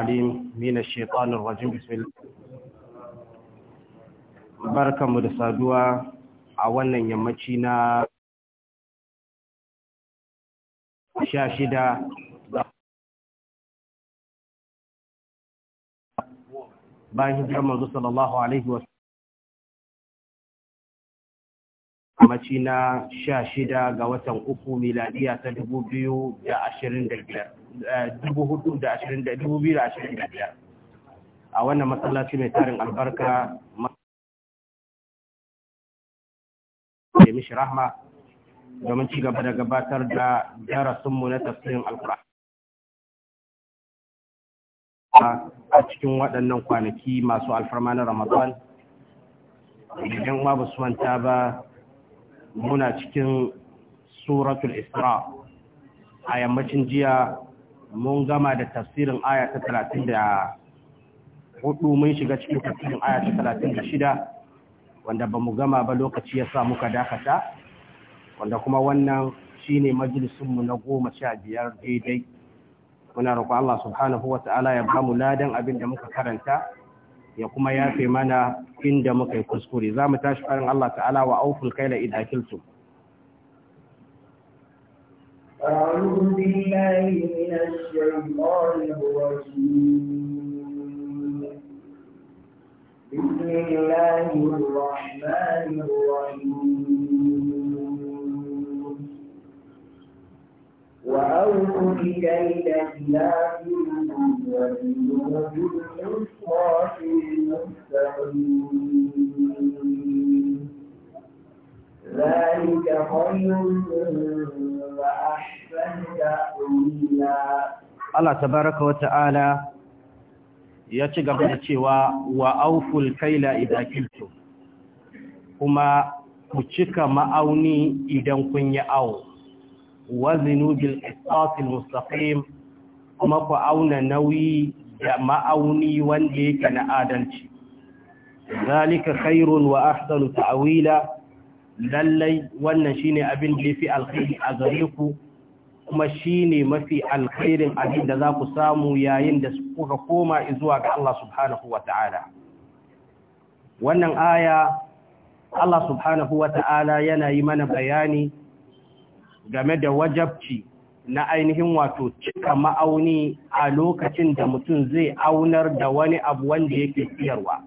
alim min ash-shaytan ar-rajim bismillah barkamu da saduwa a wannan yammaci na 16 bayan hijirar manzo sallallahu alaihi wa yammaci na 16 ga watan uku miladiya ta 2025 biyar. a wannan matsalaci mai tarin albarka mai mishi rahma domin ci gaba da gabatar da darasinmu na tafsirin alkura a cikin waɗannan kwanaki masu alfarma na ramadan idan ma ba su manta ba muna cikin suratul isra a yammacin jiya mun gama da tafsirin aya ta 34 mun shiga cikin tafsirin aya ta 36 wanda ba mu gama ba lokaci ya sa muka dakata wanda kuma wannan shine majalisunmu na goma sha biyar daidai muna roƙo Allah subhanahu wa ta'ala ya bamu ladan abin da muka karanta ya kuma yafe mana inda muka yi kuskure za mu tashi farin Allah ta'ala wa auful kaila idakiltum أعوذ بالله من الشيطان الرجيم بسم الله الرحمن الرحيم وأوفوا الكيل كلابكم وزنوا بالقسطاس المستقيم ذلك خير وأحسن تأويلا الله ya ci gaba da cewa wa auful kaila idan kilto kuma ku cika ma'auni idan kun yi awo wazinu bil qisasil mustaqim kuma ku auna nauyi da ma'auni wanda yake na adalci zalika khairun wa ahsanu ta'awila. lallai wannan shine abin da yafi alkhairi a gare ku kuma shine mafi alkhairin abin da za ku samu yayin da kuka koma zuwa ga Allah subhanahu wata'ala wannan aya Allah subhanahu wata'ala yana yi mana bayani game da wajabci na ainihin wato cika ma'auni a lokacin da mutum zai aunar da wani abu wanda yake siyarwa.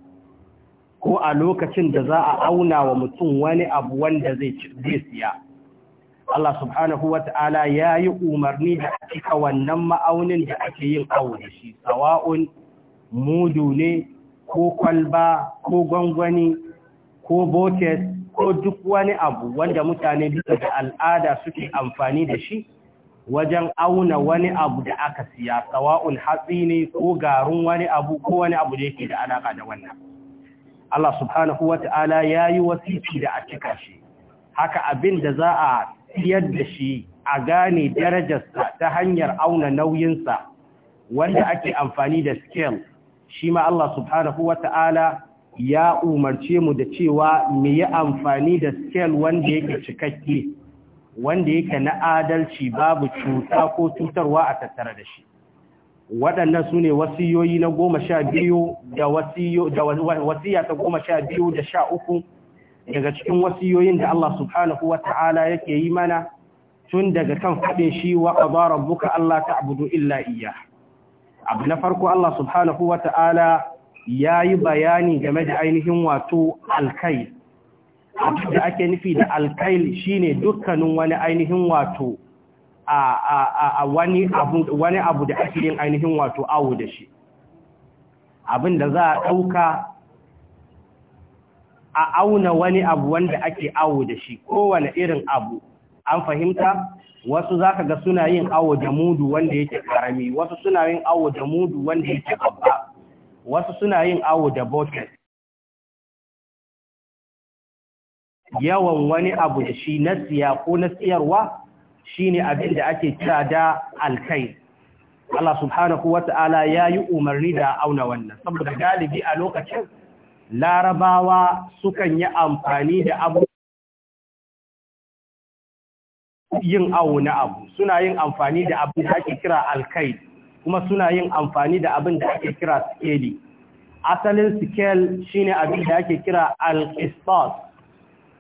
ko a lokacin da za a auna wa mutum wani abu wanda zai siya Allah subhanahu wa ta'ala ya yi umarni da cika wannan ma'aunin da ake yin aure shi sawa'un mudu ne ko kwalba ko gwangwani ko botes ko duk wani abu wanda mutane bisa da al'ada suke amfani da shi wajen auna wani abu da aka siya sawa'un hatsi ne ko garin wani abu ko wani abu da yake da alaka da wannan Allah subhanahu wa ta'ala ya yi wasiki da a cika shi haka abin da za a siyar da shi a gane darajarsa ta hanyar auna nauyinsa wanda ake amfani da scale shi ma Allah subhanahu wa ta'ala ya umarce mu da cewa mu yi amfani da scale wanda yake cikakke wanda yake na adalci babu cuta ko cutarwa a tattara da shi waɗannan su ne wasiyoyi na goma sha biyu da wasiya ta goma sha biyu da sha uku daga cikin wasiyoyin da Allah subhanahu wa ta'ala yake yi mana tun daga kan faɗin shi wa ƙaba rabbuka Allah ta abudu illa iya abu na farko Allah subhanahu wa ta'ala ya yi bayani game da ainihin wato alkail da ake nufi da alkail shine dukkanin wani ainihin wato a wani abu da ake yin ainihin wato awo da shi abin da za a ɗauka a auna wani abu wanda ake awo da shi kowane irin abu an fahimta wasu za ka ga suna yin awo da mudu wanda yake karami wasu suna yin awo da mudu wanda yake babba wasu suna yin awo da bucket yawan wani abu da shi na siya ko na siyarwa shine abin da ake kira da alkai Allah subhanahu wata'ala ya yi umarni da auna wannan saboda galibi a lokacin larabawa sukan yi amfani da abu yin awo na abu suna yin amfani da abin da ake kira alkai kuma suna yin amfani da abin da ake kira skeli asalin scale shine abin da ake kira alkistas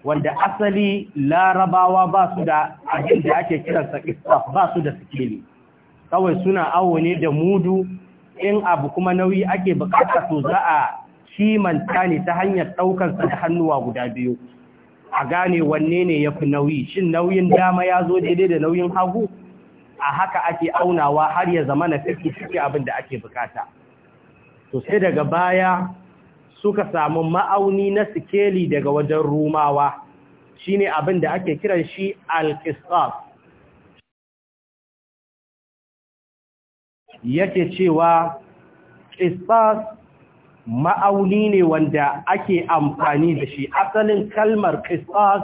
wanda asali larabawa ba su da abin da ake kiransa istaf ba su da sikili kawai suna awo ne da mudu in abu kuma nauyi ake bukata to za a kimanta ne ta hanyar ɗaukansa da hannuwa guda biyu a gane wanne ne ya fi nauyi shin nauyin dama ya zo daidai da nauyin hagu a haka ake aunawa har ya zama na fiki suke abin da ake bukata to sai daga baya suka samu ma'auni na sikeli daga wajen rumawa shine abin da ake kiran shi al yake cewa qisas ma'auni ne wanda ake amfani da shi asalin kalmar qisas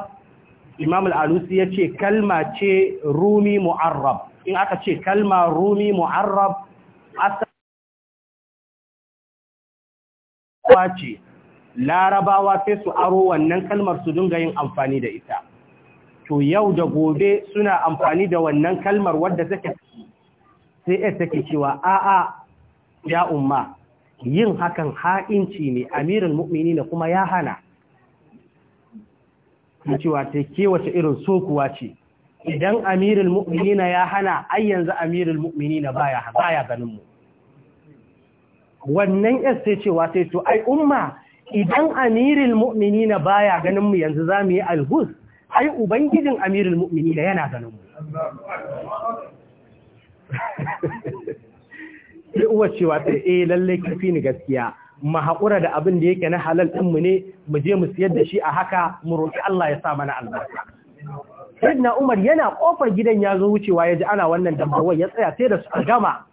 imam al ya ce kalma ce rumi mu'arrab in aka ce kalma rumi mu'arrab larabawa ce larabawa sai su aro wannan kalmar su dinga yin amfani da ita to yau da gobe suna amfani da wannan kalmar wadda take sai ya take cewa a'a ya umma yin hakan ha'inci ne amirin mu'mini kuma ya hana cewa ta kewace irin sokuwa ce idan amirin mu'mini ya hana ai yanzu amirin mu'mini na baya ganinmu wannan yas sai cewa sai to ai umma idan amirul mu'minina baya ganin mu yanzu za mu yi alhus ai ubangijin amirul mu'minina yana ganin mu sai uwa cewa ta eh lalle kafi ni gaskiya mu haƙura da abin da yake na halal din mu ne mu je mu siyar da shi a haka mu roki Allah ya sa mana albarka Sayyidina Umar yana kofar gidan ya zo wucewa ya ji ana wannan dambawar ya tsaya sai da su gama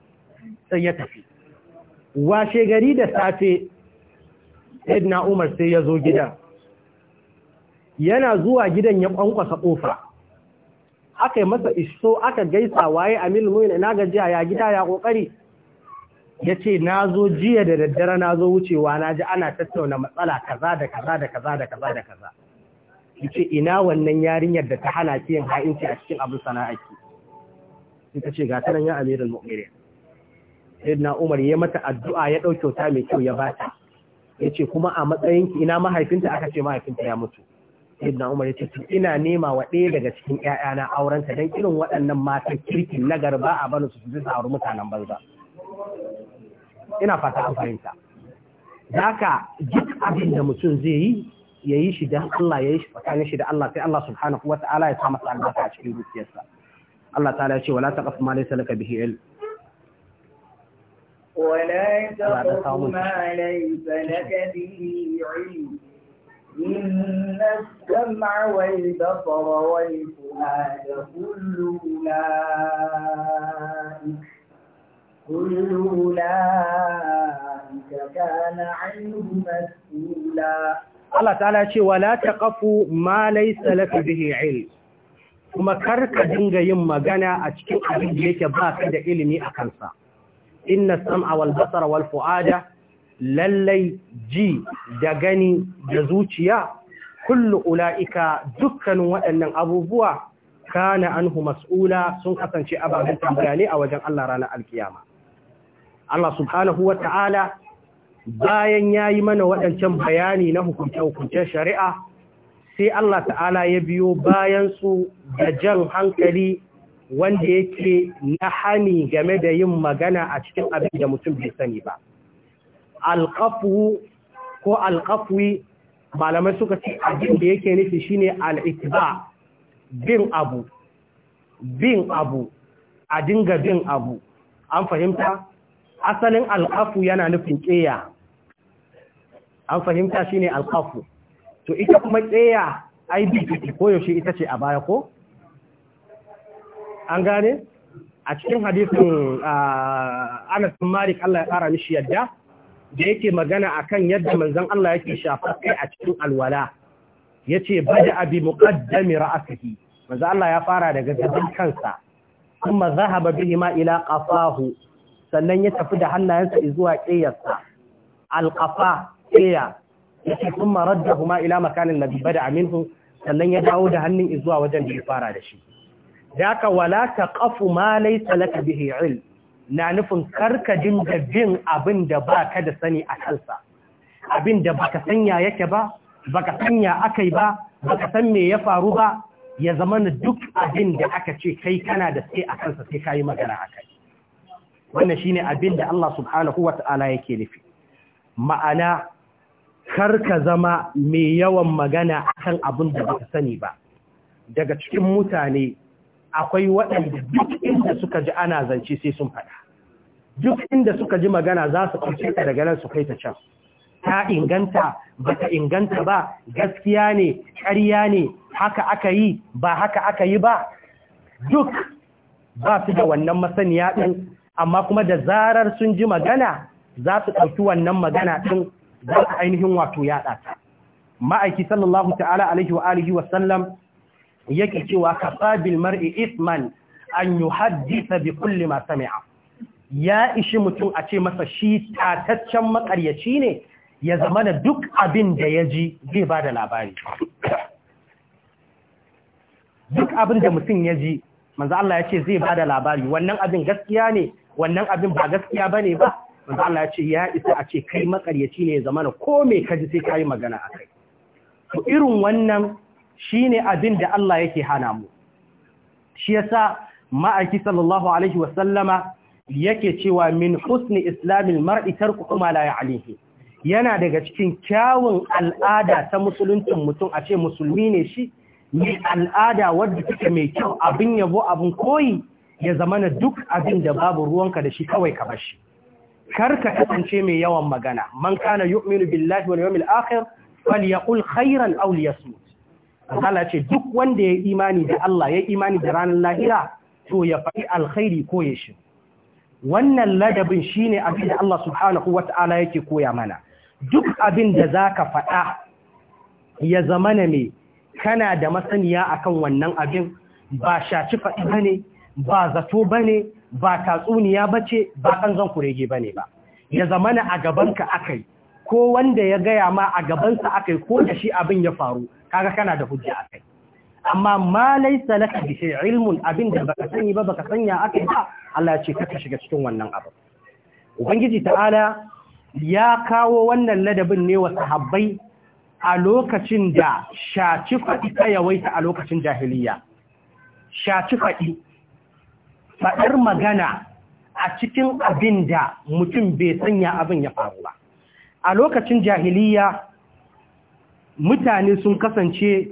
sai ya tafi washe gari da safe edna umar sai ya zo gidan yana zuwa gidan ya kwankwasa kofa aka yi masa iso aka gaisa waye amil muyin na gajiya ya gida ya kokari Yace ce na zo jiya da daddare na zo wucewa na ji ana tattauna matsala kaza da kaza da kaza da kaza da kaza ya ce ina wannan yarinyar da ta hana ki yin ha'inci a cikin abin ki? ita ce ga tanan ya amirin mu'mirin sayyidina Umar ya mata addu'a ya ɗauke ta mai kyau ya bata yace kuma a matsayin ki ina mahaifinta aka ce mahaifinta ya mutu sayyidina Umar ce to ina nema wa ɗaya daga cikin ƴaƴana aurenta dan irin waɗannan matan kirkin na garba a bana su su sauri mutanen banza ina fata an fahimta zaka duk abin da mutum zai yi ya yi shi da Allah ya yi shi tsakanin shi da Allah sai Allah subhanahu wa ta'ala ya sa masa albarka a cikin dukiyarsa Allah ta'ala ya ce wala taqaf ma laysa laka bihi ilm ولا تقف ما ليس لك به علم إن السمع والبصر والفؤاد كل أولئك كل أولئك كان عنه مسؤولا Allah ta'ala ce wa la taqafu ma laysa laka bihi ilm kuma karka dinga yin magana a cikin abin da yake baka da ilimi akan sa inna sam'a wal basara wal fu'ada lallai ji da gani da zuciya kullu ula'ika dukkanin waɗannan abubuwa kana anhu mas'ula sun kasance ababen tambaya ne a wajen Allah ranar alkiyama Allah subhanahu wata'ala ta'ala bayan ya yi mana waɗancan bayani na hukunce-hukuncen shari'a sai Allah ta'ala ya biyo bayan su da jan hankali wanda yake na hani game da yin magana a cikin abin da mutum bai sani ba alƙafu ko alƙafwi malamai suka ce abin da yake nufi shine al’ikba bin abu bin abu a dinga bin abu an fahimta asalin alƙafu yana nufin ƙeya an fahimta shine alƙafu to ita kuma ƙeya ai bi ko yaushe ita ce a baya ko an gane a cikin hadisin ah, Anas bin Malik Allah ya ƙara mishi yadda da yake magana akan yadda manzon Allah yake shafa kai a cikin alwala yace bada abi muqaddami ra'sihi manzon Allah ya fara daga gaban kansa kuma zahaba bihi ma ila qafahu sannan ya tafi da hannayensa zuwa ƙeya. alqafa ce yace kuma raddahu ma ila makanin nabi da minhu sannan ya dawo da hannun zuwa wajen da ya fara da shi da aka wala ta ƙafu ma laisa laka bihi il na nufin karka dinga bin abin da ba ka da sani a kansa abin da baka sanya yake ba baka sanya akai ba baka san me ya faru ba ya zama na duk abin da aka ce kai kana da sai a kansa sai kayi magana akai wannan shi ne abin da Allah subhanahu ta'ala yake nufi ma'ana karka zama mai yawan magana akan abin da ba ka sani ba daga cikin mutane akwai waɗanda duk inda suka ji ana zance sai sun faɗa duk inda suka ji magana za su ɗauke ta daga nan su kai ta can ta inganta ba ta inganta ba gaskiya ne ƙarya ne haka aka yi ba haka aka yi ba duk ba su da wannan masaniya ɗin amma kuma da zarar sun ji magana za su ɗauki wannan magana ɗin za ainihin wato yaɗa ta ma'aiki sallallahu ta'ala alaihi wa alihi wa sallam yake cewa kafa bil mar'i isman an yuhaddisa bi kulli ma sami'a ya ishi mutum a ce masa shi tataccen makaryaci ne ya zama duk abin da ya ji zai ba da labari duk abin da mutum ya ji manzo Allah ya ce zai ba da labari wannan abin gaskiya ne wannan abin ba gaskiya ba ne ba manzo Allah ya ce ya isa a ce kai makaryaci ne ya zama da ko me ka ji sai ka yi magana akai. to irin wannan shine abin da Allah yake hana mu shi yasa ma'aiki sallallahu alaihi wasallama yake cewa min husni islamil mar'i tarku kuma la ya'lihi yana daga cikin kyawun al'ada ta musuluncin mutum a ce musulmi ne shi ne al'ada wadda take mai kyau abin yabo abin koyi ya zamana duk abin da babu ruwanka da shi kawai ka bashi kar ka kasance mai yawan magana man kana yu'minu billahi wal yawmil akhir falyaqul khairan aw liyasmut Allah ce duk wanda ya imani da Allah ya imani da ranar lahira to ya faɗi alkhairi ko ya shi wannan ladabin shine abin da Allah subhanahu wata'ala yake koya mana duk abin da za ka faɗa ya zamana me kana da masaniya akan wannan abin ba shaci faɗi bane ba zato bane ba tatsuniya bace ba kanzon kurege bane ba ya zamana a gaban gabanka akai ko wanda ya gaya ma a gabansa akai ko da shi abin ya faru kaga kana da hujja akai amma ma laisa laka bi shay ilmun abin da baka sani ba baka sanya akai ba Allah ya ce ka shiga cikin wannan abu ubangiji ta'ala ya kawo wannan ladabin ne wa sahabbai a lokacin da shaci faɗi ta yawaita a lokacin jahiliya shaci faɗi faɗar magana a cikin abin da mutum bai sanya abin ya faru ba a lokacin jahiliya mutane sun kasance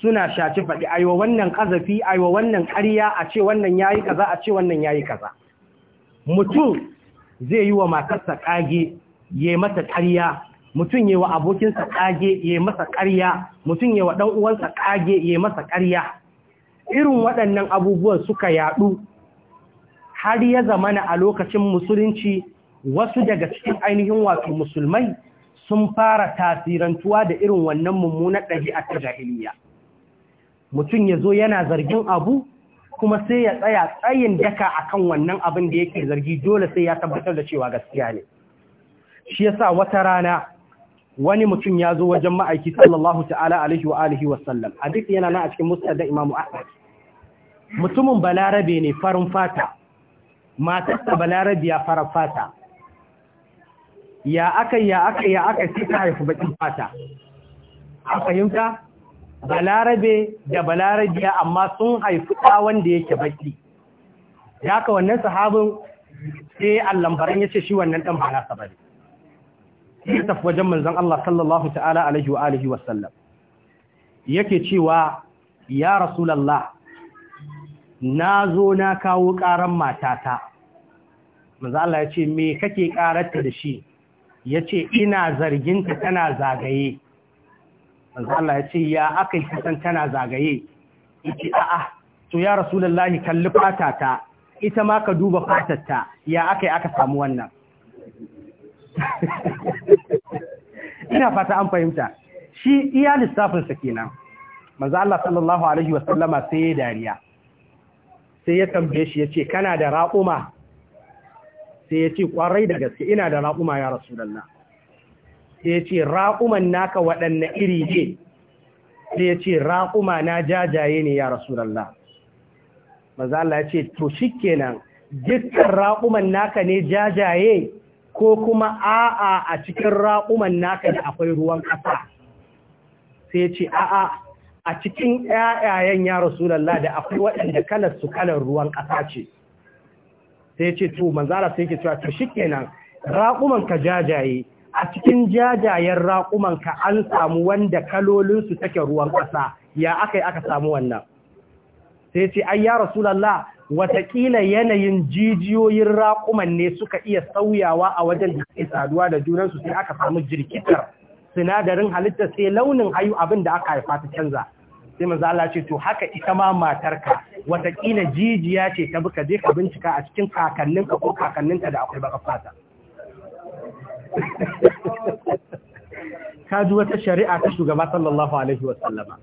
suna shaci faɗi aiwa wannan ƙazafi aiwa wannan ƙarya a ce wannan ya yi kaza a ce wannan ya yi kaza mutum zai yi wa matarsa ƙage ya yi mata ƙarya mutum ya yi wa abokinsa ƙage ya yi masa ƙarya mutum ya yi wa ɗan'uwansa ƙage ya yi masa ƙarya irin waɗannan abubuwan suka yaɗu har ya zamana a lokacin musulunci wasu daga cikin ainihin wato musulmai sun fara tasirantuwa da irin wannan mummunar ɗabi'a ta jahiliya mutum ya zo yana zargin abu kuma sai ya tsaya tsayin daka a kan wannan abin da yake zargi dole sai ya tabbatar da cewa gaskiya ne shi ya sa wata rana wani mutum ya zo wajen ma'aiki sallallahu ta'ala alaihi wa alihi wa sallam yana nan a cikin musnad da imamu mutumin balarabe ne farin fata matarsa balarabe ya fata ya aka ya aka ya aka sai ka haifu bakin fata a fahimta balarabe da balarabiya amma sun haifu ta wanda yake baki ya haka wannan sahabin sai allambaran ya ce shi wannan ɗan ba nasa bane sai tafi wajen manzon Allah sallallahu ta'ala alaihi wa alihi wa sallam yake cewa ya rasulullah na zo na kawo ƙaran matata manzon Allah ya ce me kake ƙararta da shi ya ce ina zarginta tana zagaye Allah ya ce ya aka yi kasan tana zagaye yace a'a to ya rasulullahi kalli fatata ita ma ka duba fatata ya aka yi aka samu wannan ina fata an fahimta shi iya lissafinsa kenan manzo Allah sallallahu alaihi wasallama sai ya dariya sai ya tambaye shi yace kana da ra'uma? sai ya ce kwarai da gaske ina da raƙuma ya rasu rasulallah sai ya ce raƙuman naka waɗanne iri ne sai ya ce raƙuma na jajaye ne ya rasulallah maza Allah ya ce to shikenan dukkan raƙuman naka ne jajaye ko kuma a'a a cikin raƙuman naka da akwai ruwan ƙasa sai ya ce a'a a cikin ƴaƴayen ya rasu rasulallah da akwai waɗanda kalar su kalar ruwan ƙasa ce sai ce to Manzara sai yake cewa to shikenan raƙuman ka jajaye a cikin jajayen raƙuman ka an samu wanda kalolin su take ruwan ƙasa ya aka aka samu wannan sai ce ai ya rasulullah watakila yanayin jijiyoyin raƙuman ne suka iya sauyawa a wajen da suke saduwa da junansu sai aka samu jirkitar sinadarin halitta sai launin hayu abin da aka haifa ta canza sai manzo Allah ce to haka ita ma matarka watakila jijiya ce ta buka je ka bincika a cikin kakanninka ko kakanninka da akwai baka fata ka ji wata shari'a ta shugaba sallallahu alaihi wa sallama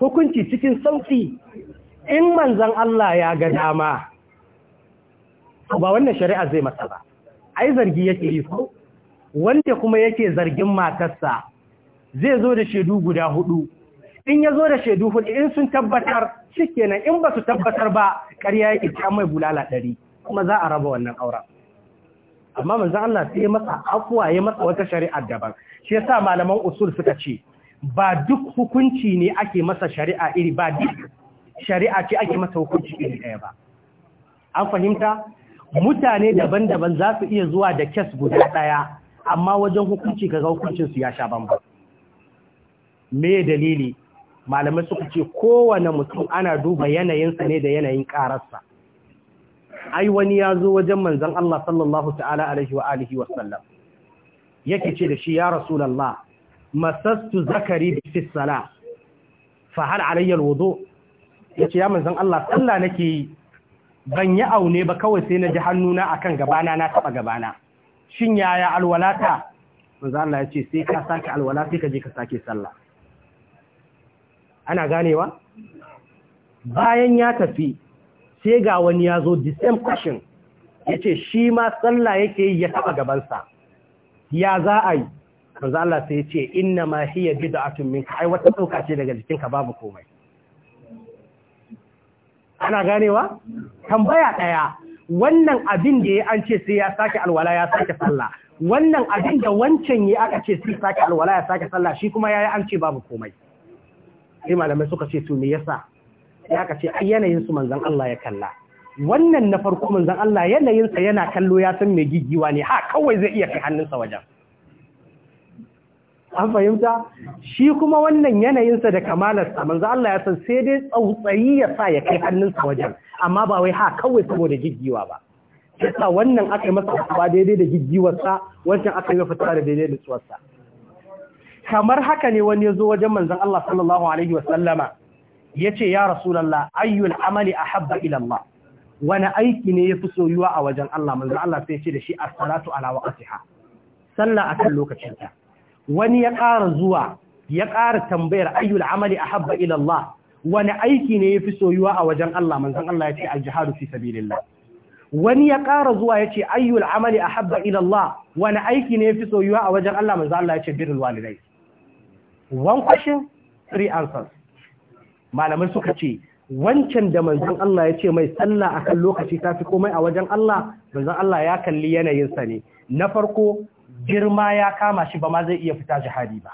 hukunci cikin sauki in manzon Allah ya ga dama ba wannan shari'a zai masa ba ai zargi yake yi ko wanda kuma yake zargin matarsa zai zo da shaidu guda hudu in ya zo da shaidu hudu in sun tabbatar shikenan in ba su tabbatar ba ƙarya yake ta mai bulala ɗari kuma za a raba wannan auren amma manzan Allah sai masa afuwa ya masa wata shari'ar daban shi ya sa malaman usul suka ce ba duk hukunci ne ake masa shari'a iri ba duk shari'a ce ake masa hukunci iri ɗaya ba an fahimta mutane daban-daban za su iya zuwa da kes guda ɗaya amma wajen hukunci ga hukuncin su ya sha bambam me dalili malamai suka ce kowane mutum ana duba yanayinsa ne da yanayin ƙararsa ai wani ya zo wajen manzan Allah sallallahu ta'ala alaihi wa alihi wa sallam yake ce da shi ya rasulallah masastu zakari bi fi sala fa hal alayya alwudu yace ya manzan Allah sallah nake yi ban yi aune ba kawai sai na ji hannuna akan gabana na taba gabana shin yaya alwalata manzan Allah yace sai ka sake alwala sai ka je ka sake sallah ana ganewa bayan ya tafi sai ga wani ya zo the same question ya ce shi ma tsalla yake ya taɓa gabansa ya za a yi manzo Allah sai ya ce ina ma hiya bid'atun minka ai wata ɗauka ce daga jikinka babu komai ana ganewa tambaya ɗaya wannan abin da ya an ce sai ya sake alwala ya sake sallah wannan abin da wancan ya aka ce sai sake alwala ya sake sallah shi kuma yi an ce babu komai sai malamai suka ce to me yasa sai aka ce ai yanayin su manzon Allah ya kalla wannan na farko manzon Allah yanayin sa yana kallo ya san me gigiwa ne ha kawai zai iya kai hannunsa wajen an fahimta shi kuma wannan yanayin sa da sa manzon Allah ya san sai dai tsautsayi ya sa ya kai hannunsa wajen amma ba wai ha kawai saboda gigiwa ba yasa wannan aka yi masa ba daidai da gigiwarsa wancan aka yi masa da daidai da tsuwarsa kamar haka ne wani ya zo wajen manzan Allah sallallahu alaihi wasallama yace ya rasulullah ayyul amali a ila Allah wani aiki ne yafi soyuwa a wajen Allah manzon Allah sai ce da shi salatu ala sallah akan lokacinta wani ya ƙara zuwa ya ƙara tambayar ayyul amali ahabba ila wani aiki ne yafi soyuwa a wajen Allah manzon Allah yace al-jihadu fi sabilillah wani ya ƙara zuwa ce ayyul amali ahabba ila Allah wani aiki ne fi soyuwa a wajen Allah Allah yace birrul walidai one question three answers malamai suka ce wancan da manzon Allah ya ce mai sallah akan lokaci ta fi komai a wajen Allah manzon Allah ya kalli yanayin sa ne na farko girma ya kama shi ba ma zai iya fita jihadi ba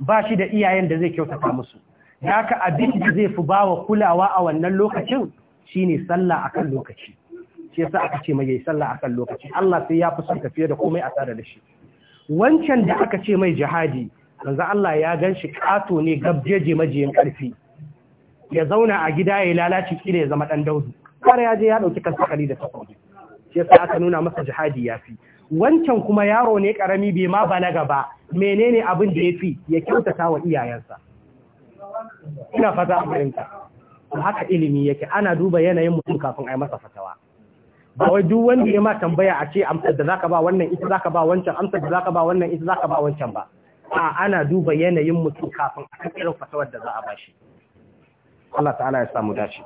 ba shi da iyayen da zai kyautata musu haka abin da zai fi bawa kulawa a wannan lokacin shine sallah akan lokaci shi yasa aka ce mai yayi sallah akan lokaci Allah sai ya fi son tafiye da komai a tare da shi wancan da aka ce mai jihadi manzo Allah ya gan shi kato ne gabjeje majiyin karfi ya zauna a gida ya lalace kila ya zama dan daudu kare ya je ya dauki kasakali da takobi shi yasa aka nuna masa jihadi yafi wancan kuma yaro ne karami bai ma balaga ba menene abin da yafi ya kyautata wa iyayensa ina fata a fahimta haka ilimi yake ana duba yanayin mutum kafin a yi masa fatawa ba wai duk wanda ya ma tambaya a ce amsar da zaka ba wannan ita zaka ba wancan amsar da zaka ba wannan ita zaka ba wancan ba a ana duba yanayin mutum kafin a kan irin fatawar da za a bashi Allah ta'ala ya samu dace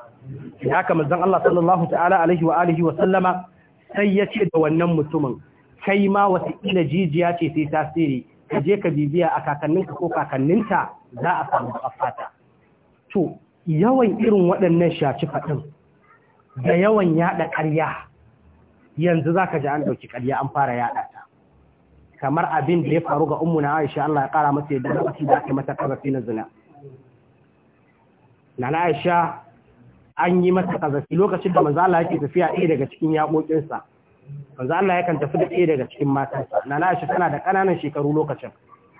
Ya haka manzon Allah sallallahu ta'ala alaihi wa alihi wa sallama sai ya ce da wannan mutumin kai ma wata ila jijiya ce sai tasiri ka je ka bibiya a kakanninka ko kakanninta za a samu afata to yawan irin waɗannan shaci faɗin da yawan yaɗa ƙarya yanzu za ka ji an ɗauki ƙarya an fara yaɗa ta kamar abin da ya faru ga ummuna Aisha Allah ya kara mata yadda lokaci da aka mata kazafi na zina na Aisha an yi mata kazafi lokacin da manzo Allah yake tafiya ɗaya daga cikin yaƙoƙinsa, yakan tafi da ɗaya daga cikin matansa na Aisha tana da ƙananan shekaru lokacin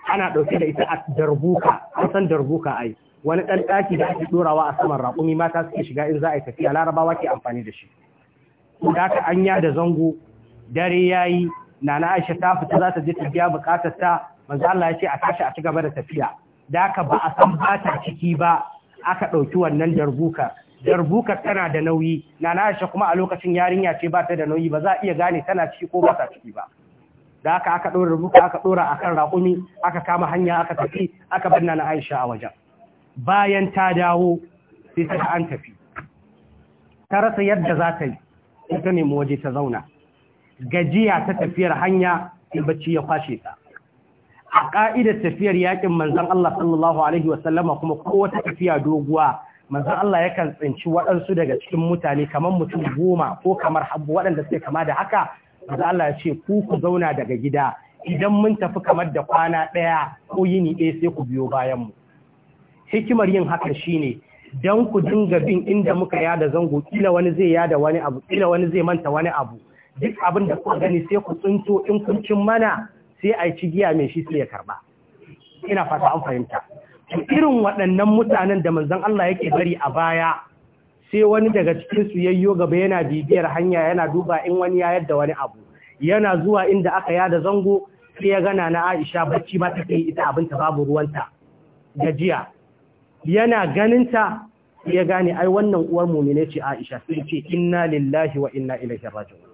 ana ɗauke da ita a darbuka an san darbuka ai wani ɗan ɗaki da ake ɗorawa a saman raƙumi mata suke shiga in za a yi tafiya larabawa ke amfani da shi da aka anya da zango dare ya yi nana Aisha ta fita za ta je ta biya bukatar ta manzo Allah ya ce a tashi a ci da tafiya da ka ba a san ba ta ciki ba aka ɗauki wannan darbuka darbuka tana da nauyi nana Aisha kuma a lokacin yarinya ce ba ta da nauyi ba za a iya gane tana ciki ko ba ta ciki ba da aka aka ɗora darbuka aka ɗora akan raƙumi aka kama hanya aka tafi aka bar nana Aisha a wajen bayan ta dawo sai ta an tafi ta rasa yadda za ta yi ne mu waje ta zauna gajiya ta tafiyar hanya in bacci ya kwashe ta a ka'idar tafiyar yakin manzan Allah sallallahu Alaihi wasallama kuma kowace tafiya doguwa manzan Allah yakan tsinci waɗansu daga cikin mutane kamar mutum goma ko kamar habu waɗanda suke kama da haka manzan Allah ya ce ku ku zauna daga gida idan mun tafi kamar da kwana ɗaya ko yini ɗaya sai ku biyo bayan mu hikimar yin haka shine don ku dinga bin inda muka yada zango kila wani zai yada wani abu kila wani zai manta wani abu duk abin da kuka gani sai ku tsinto in kun cin mana sai a yi giya mai shi sai ya karba ina fata an fahimta irin waɗannan mutanen da manzon Allah yake bari a baya sai wani daga cikin su yayyo gaba yana bibiyar hanya yana duba in wani ya yadda wani abu yana zuwa inda aka yada zango sai ya gana na Aisha bacci ma kai ita abinta babu ruwanta gajiya yana ganinta ya gane ai wannan uwar mumine ce Aisha sai ce inna lillahi wa inna ilaihi raji'un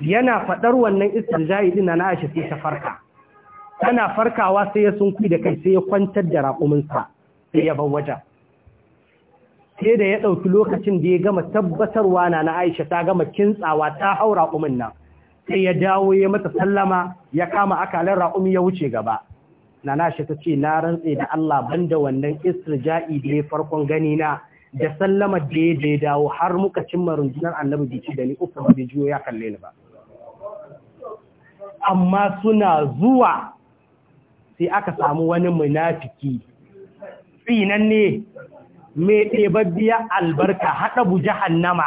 yana faɗar wannan istirja'i din na Aisha sai ta farka tana farkawa sai ya sunkuyi da kai sai ya kwantar da raƙuminsa sai ya bar wajen sai da ya ɗauki lokacin da ya gama tabbatarwa na na Aisha ta gama kintsawa ta hau raƙumin nan sai ya dawo ya mata sallama ya kama akalan raƙumi ya wuce gaba na na Aisha ta ce na rantse da Allah ban da wannan istirja'i da ya farkon gani na da sallamar da ya dawo har muka cimma rundunar annabi bici da ni uku bai juyo ya kalle ni ba amma suna zuwa sai aka samu wani munafiki tsinan ne mai ɗebabbiya albarka haɗa buji Hannama?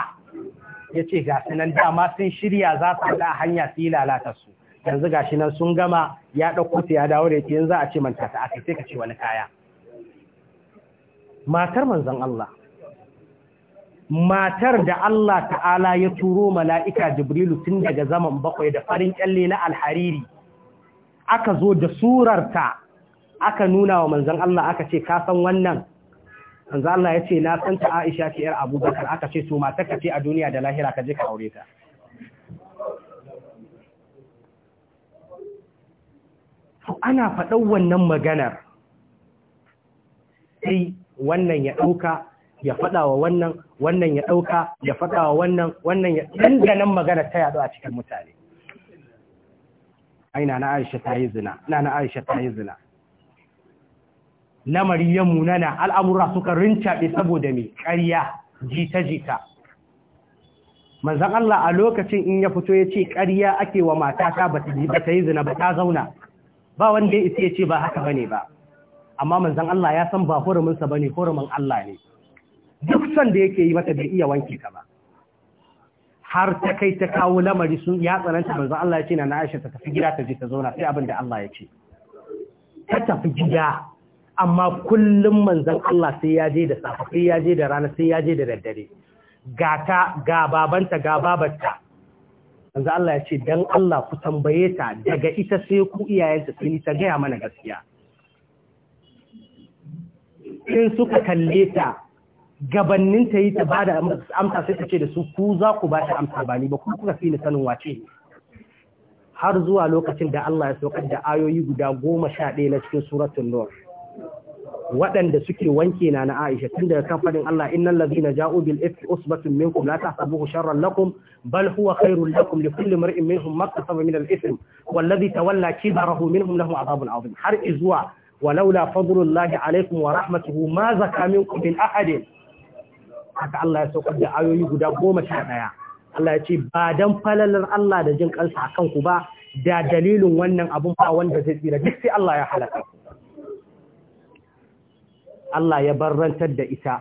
ya ce ga sunan dama sun shirya za su haɗa hanya su yi lalata su yanzu ga nan sun gama ya ɗauko ta ya dawo da yake yanzu a ce manta ta aka sai ka ce wani kaya matar manzon Allah matar da Allah ta'ala ya turo mala'ika Jibrilu tun daga zaman bakwai da farin kyalle na alhariri aka zo da surarta aka nuna wa manzan Allah aka ce ka wannan manzan Allah ya ce na san ta Aisha ce yar Abubakar aka ce su matarka ce a duniya da lahira ka je ka aure ta to ana faɗan wannan maganar sai wannan ya ɗauka ya faɗa wa wannan wannan ya ɗauka ya faɗa wa wannan wannan ya dandanan magana ta yaɗu a cikin mutane Ina na aisha ta yi zina na na aisha ta yi zina lamari ya munana al'amura suka rincaɓe saboda mai ƙarya jita-jita manzan Allah a lokacin in ya fito ya ce ƙarya ake wa matata ba ta yi zina ba ta zauna ba wanda ya isa ya ce ba haka ba ne ba amma manzan Allah ya san ba huruminsa ba ne hurumin Allah ne duk son da yake yi mata bai iya wanke ta ba har ta kai ta kawo lamari sun ya tsananta manzo Allah ya ce na Aisha ta tafi gida ta je ta zauna sai abin da Allah ya ce ta tafi gida amma kullum manzon Allah sai ya je da safe sai ya je da rana sai ya je da daddare ga ta ga babanta ga babarta manzo Allah ya ce dan Allah ku tambaye ta daga ita sai ku iyayenta sai ni ta gaya mana gaskiya in suka kalle ta gabannin ta yi ta ba da amsa sai ta ce da su ku za ku ba ta amsa ba ni ba ku kuka fi ni sanin wace har zuwa lokacin da Allah ya saukar da ayoyi guda goma sha ɗaya na cikin suratun nur waɗanda suke wanke na na Aisha tun daga kan faɗin Allah innal na ja'u bil ifki usbatun minkum la tahsabuhu sharran lakum bal huwa khairul lakum li kulli mar'in minhum maktasaba min al ithm wal tawalla kibarahu minhum lahu adhabun azim har izuwa ولولا فضل الله عليكم ورحمته ما زكى منكم من أحد haka Allah ya saukar da ayoyi guda goma sha ɗaya Allah ya ce ba don falalar Allah da jin kansa a kanku ba da dalilin wannan abun ba wanda zai tsira duk sai Allah ya halaka Allah ya barrantar da ita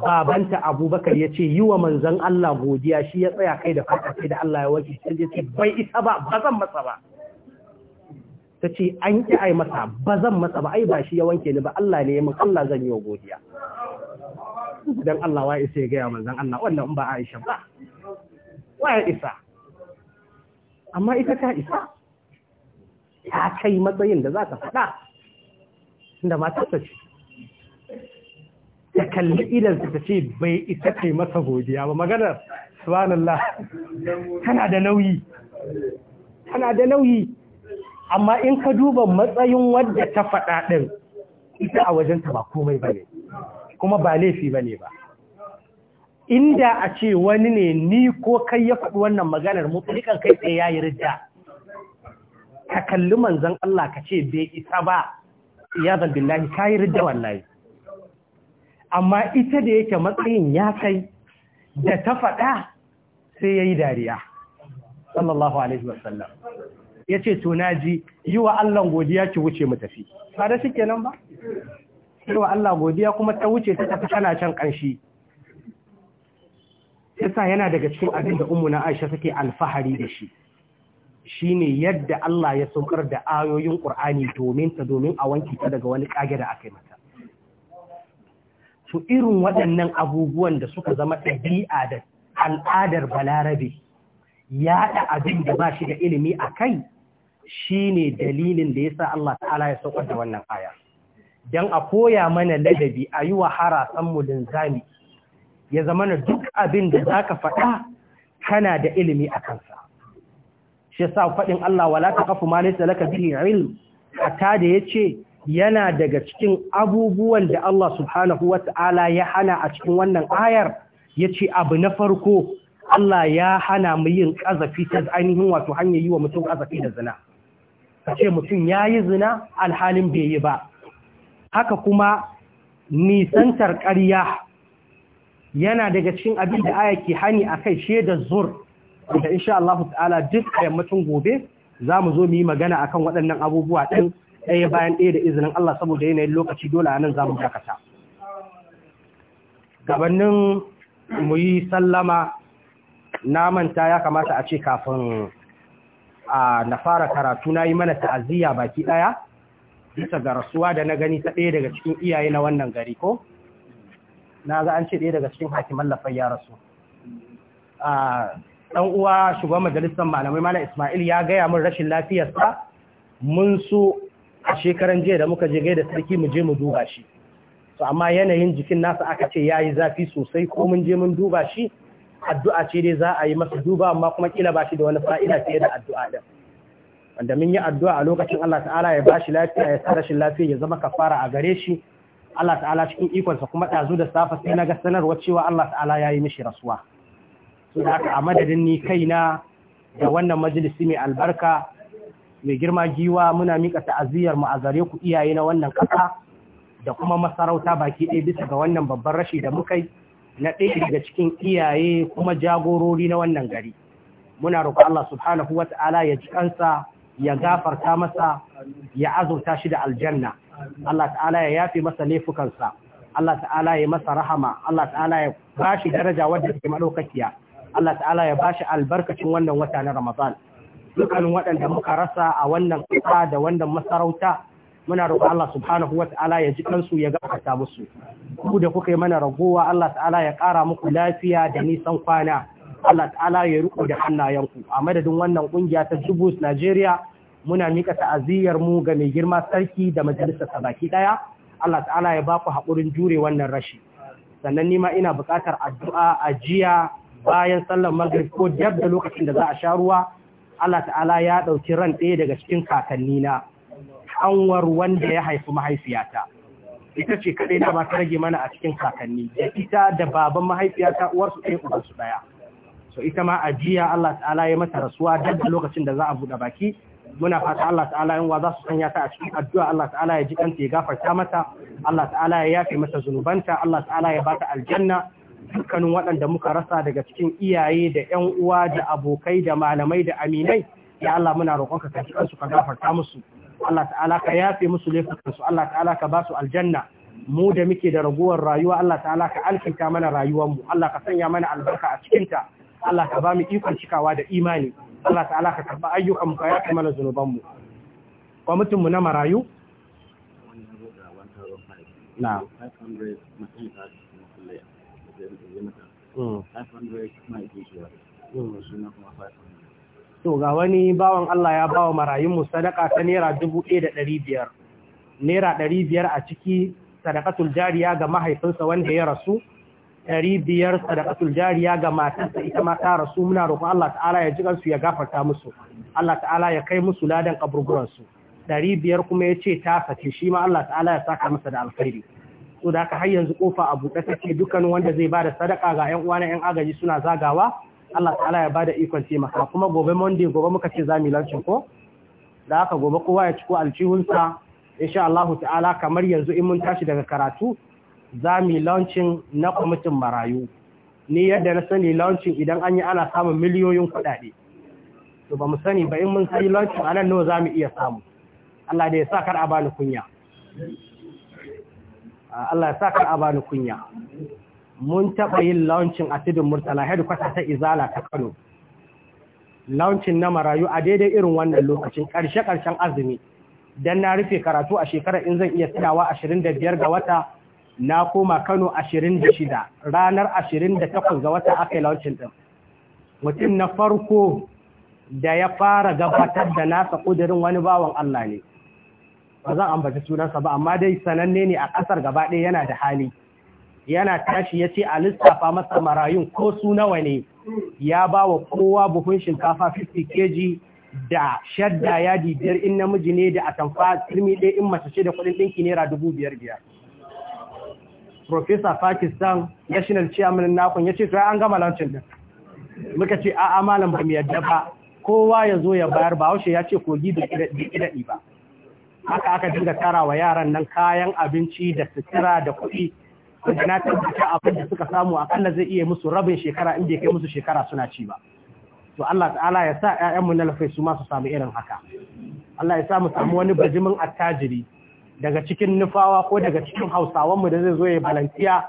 babanta abubakar ya ce yi wa manzan Allah godiya shi ya tsaya kai da fata da Allah ya wanke shi ya ce bai isa ba ba zan matsa ba ta ce an ƙi ai masa ba zan matsa ba ai ba shi ya wanke ni ba Allah ne ya min Allah zan yi wa godiya dan Allah wa isa ya gaya manzan Allah wannan in ba Aisha ba ya isa amma ita ta isa ta kai matsayin da zaka fada faɗa inda ta ce ta kalli idan ta ce bai isa ta yi masa godiya ba magana subhanallah tana da nauyi tana da nauyi amma in ka duba matsayin wadda ta faɗa ɗin ita a wajenta ba komai bane kuma ba laifi ba ne ba inda a ce wani ne ni ko kai ya faɗi wannan maganar mutulikan kai tsaye ya yi rida ka kalli manzan Allah ka ce bai isa ba ya zambin lahi ka yi rida wallahi amma ita da yake matsayin ya kai da ta faɗa sai ya yi dariya sallallahu alaihi wasallam ya ce tunaji yi wa Allah godiya ki wuce mu tafi fada shi kenan ba sai wa Allah godiya kuma ta wuce ta tafi tana can ƙanshi. yasa yana daga cikin abin da na Aisha take alfahari da shi Shi ne yadda Allah ya saukar da ayoyin ƙur'ani domin ta domin a wanki ta daga wani ƙage da aka yi mata to irin waɗannan abubuwan da suka zama ɗabi'a da al'adar balarabe yaɗa abin da ba shi da ilimi a kai shi ne dalilin da ya sa Allah ta'ala ya saukar da wannan aya. don a koya mana ladabi a yi wa harasanmu linzami ya zama na duk abin da za ka faɗa kana da ilimi a kansa shi sa faɗin Allah wala ta kafu ma nisa laka bihi ilm hatta da ya ce yana daga cikin abubuwan da Allah subhanahu wa ta'ala ya hana a cikin wannan ayar ya ce abu na farko Allah ya hana mu yin ƙazafi ta ainihin wato hanyar yi wa mutum ƙazafi da zina ka ce mutum ya yi zina alhalin bai yi ba haka kuma nisantar ƙarya yana daga cikin abin da aya ke hani a kai da zur da insha Allah ta'ala duk a yammacin gobe za mu zo mu yi magana a kan waɗannan abubuwa ɗin ɗaya bayan ɗaya da izinin Allah saboda yanayin lokaci dole a nan za mu dakata. Gabanin mu yi sallama na manta ya kamata a ce kafin na fara karatu na yi mana ta'aziyya baki ɗaya. bisa ga rasuwa da na gani ta ɗaya daga cikin iyaye na wannan gari ko na ga an ce ɗaya daga cikin hakiman lafai ya rasu ɗan uwa shugaban majalisar malamai malam ismail ya gaya mun rashin lafiyarsa mun so a shekaran jiya da muka je gai da sarki mu je mu duba shi to amma yanayin jikin nasa aka ce ya yi zafi sosai ko mun je mun duba shi addu'a ce dai za a yi masa duba amma kuma kila ba shi da wani fa'ida fiye da addu'a din wanda mun yi addu'a a lokacin Allah ta'ala ya bashi lafiya ya sa rashin lafiya ya zama kafara a gare shi Allah ta'ala cikin ikonsa kuma ɗazu da safa sai na ga sanarwa cewa Allah ta'ala ya yi mishi rasuwa so da haka a madadin ni kaina da wannan majalisi mai albarka mai girma giwa muna mika ta'aziyar mu a gare ku iyaye na wannan kasa da kuma masarauta baki ɗaya bisa ga wannan babban rashi da muka yi na ɗaya daga cikin iyaye kuma jagorori na wannan gari muna roƙo Allah subhanahu wata'ala ya ji kansa ya gafarta masa ya azurta shi da aljanna Allah ta'ala ya yafi masa laifukansa Allah ta'ala ya masa rahama Allah ta'ala ya bashi daraja wadda take madaukakiya Allah ta'ala ya bashi albarkacin wannan wata na Ramadan dukkanin waɗanda muka rasa a wannan ƙasa da wannan masarauta muna roƙon Allah subhanahu wata'ala ya ji kansu ya gafarta musu ku da kuka yi mana ragowa Allah ta'ala ya ƙara muku lafiya da nisan kwana Allah ta'ala ya riko da hannayenku a madadin wannan kungiya ta Jubus Nigeria muna mika ta'aziyar mu ga mai girma sarki da majalisar sa baki daya Allah ta'ala ya ba ku haƙurin jure wannan rashi sannan nima ina buƙatar addu'a ajiya, bayan sallar maghrib ko dab da lokacin da za a sha ruwa Allah ta'ala ya ɗauki ran ɗaya daga cikin kakanni na anwar wanda ya haifi mahaifiyata ita ce kaɗai na ba ta rage mana a cikin kakanni da ita da baban mahaifiyata uwarsu ɗaya ubansu ɗaya so ita ma ajiya Allah ta'ala ya mata rasuwa dab da lokacin da za a buɗe baki muna fata Allah ta'ala yin wa za su sanya ta a cikin addu'a Allah ta'ala ya ji ɗanta ya gafarta mata Allah ta'ala ya yafe mata zunubanta Allah ta'ala ya bata aljanna dukkanin waɗanda muka rasa daga cikin iyaye da yan uwa da abokai da malamai da aminai ya Allah muna roƙon ka kaji kansu ka gafarta musu Allah ta'ala ka yafe musu laifukansu Allah ta'ala ka ba su aljanna mu da muke da raguwar rayuwa Allah ta'ala ka alkinta mana rayuwarmu Allah ka sanya mana albarka a cikinta Allah ka ba mu ikon cikawa da imani Allah ta'ala ka karba ayyukan mu ka yaƙi mana zunubanmu kwamitinmu na marayu na hmm. to ga wani bawan Allah ya bawa marayun mu sadaka ta naira dubu ɗaya da ɗari biyar naira ɗari biyar a ciki sadakatul jariya ga mahaifinsa wanda ya rasu ɗari biyar sadaqatul jariya ga matarsa ita ma ta rasu muna roƙon Allah ta'ala ya ji gansu ya gafarta musu Allah ta'ala ya kai musu ladan kaburburan su ɗari biyar kuma ya ce ta sace shi ma Allah ta'ala ya saka masa da alkhairi so da haka har yanzu kofa a buɗe take dukkan wanda zai bada sadaka ga ƴan uwa na ƴan agaji suna zagawa Allah ta'ala ya bada ikon taimaka kuma gobe monday gobe muka ce za mu lancin ko da haka gobe kowa ya ci ko alcihunsa insha Allah ta'ala kamar yanzu in mun tashi daga karatu za mu yi launching na kwamitin marayu ni yadda na sani launching idan an yi ana samun miliyoyin kudade. to ba mu sani ba in mun sai launching anan nawa za mu iya samu Allah da ya sa kar a bani kunya Allah ya sa kar a bani kunya mun taɓa yin launching a tudun murtala headquarter ta izala ta kano launching na marayu a daidai irin wannan lokacin ƙarshe-ƙarshen azumi dan na rufe karatu a shekarar in zan iya tsayawa 25 ga wata na koma Kano 26 ranar 28 ga wata aka yi launcin din mutum na farko da ya fara gabatar da nasa kudirin wani bawan Allah ne ba zan ambata sunansa ba amma dai sananne ne a kasar gaba ɗaya yana da hali yana tashi ya ce a lissafa masa marayun ko su nawa ne ya ba wa kowa buhun shinkafa 50 kg da shadda yadi biyar in namiji ne da atamfa turmi ɗaya in mace ce da kuɗin ɗinki naira dubu biyar biyar Profesa Pakistan National Chairman nakon ya ce, to an gama lancin din." Muka ce, "A'a malam ba mu yadda ba, kowa ya zo ya bayar ba, haushe ya ce kogi da kidaɗi ba." Haka aka dinga tara wa yaran nan kayan abinci da sutura da kuɗi. kuma na tabbata abin da suka samu a akalla zai iya musu rabin shekara in bai kai musu shekara suna ci ba. To Allah ta'ala ya sa 'ya'yanmu na lafai su ma samu irin haka. Allah ya sa mu samu wani bajimin attajiri daga cikin nufawa ko daga cikin hausawanmu da zai zo ya balantiya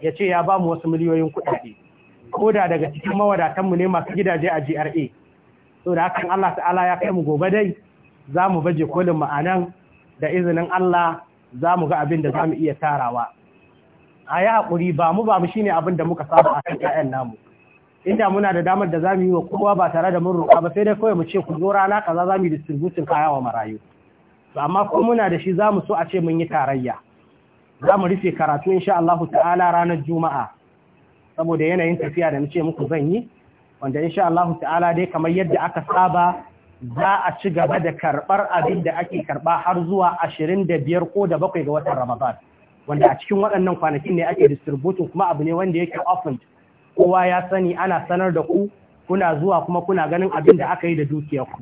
ya ce ya ba mu wasu miliyoyin kuɗaɗe ko da daga cikin mawadatanmu ne masu gidaje a GRA so da hakan Allah ta'ala ya kai mu gobe dai za mu baje kolin mu anan da izinin Allah za mu ga abin da za mu iya tarawa a yi haƙuri ba mu ba mu shine abin da muka saba a kan 'ya'yan namu inda muna da damar da za mu yi wa kowa ba tare da mun roƙa ba sai dai kawai mu ce ku zo rana kaza za mu yi distributin kaya wa marayu to amma ko muna da shi zamu so a ce mun yi tarayya zamu rufe karatu insha Allah ta'ala ranar juma'a saboda yanayin tafiya da muke muku zan yi wanda insha Allah ta'ala dai kamar yadda aka saba za a ci gaba da karbar abin da ake karba har zuwa 25 ko da bakwai ga watan Ramadan wanda a cikin waɗannan kwanakin ne ake distributin kuma abu ne wanda yake often kowa ya sani ana sanar da ku kuna zuwa kuma kuna ganin abin da aka yi da dukiyar ku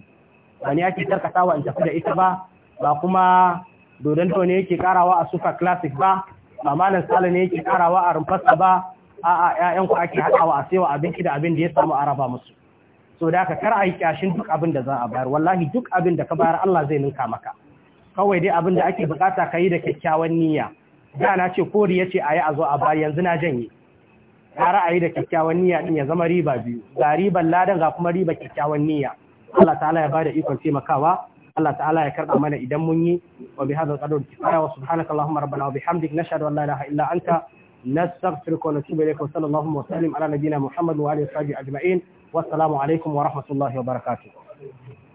wani yake karkatawa in tafi da ita ba ba kuma dodon ne yake karawa a super classic ba ba malam sala ne yake karawa a rumfasa ba a a ƴaƴan ku ake hadawa a saiwa abinci da abin da ya samu araba musu so da ka kar a yi kyashin duk abin da za a bayar wallahi duk abin da ka bayar Allah zai ninka maka kawai dai abin da ake bukata ka yi da kyakkyawan niyya da na ce kori ya ce a yi a zo a bari yanzu na janye ya ra'ayi da kyakkyawan niyya din ya zama riba biyu ga riban ladan ga kuma riba kyakkyawan niyya Allah ta'ala ya bada ikon taimakawa Allah ta'ala ya karɓa mana idan mun yi wa bi hadha al-qadr kifaya wa subhanaka allahumma rabbana wa bihamdik nashhadu an la ilaha illa anta nastaghfiruka wa natubu ilayka wa sallallahu wa sallim ala nabiyyina muhammad wa alihi wa sahbihi ajma'in alaikum wa rahmatullahi wa barakatuh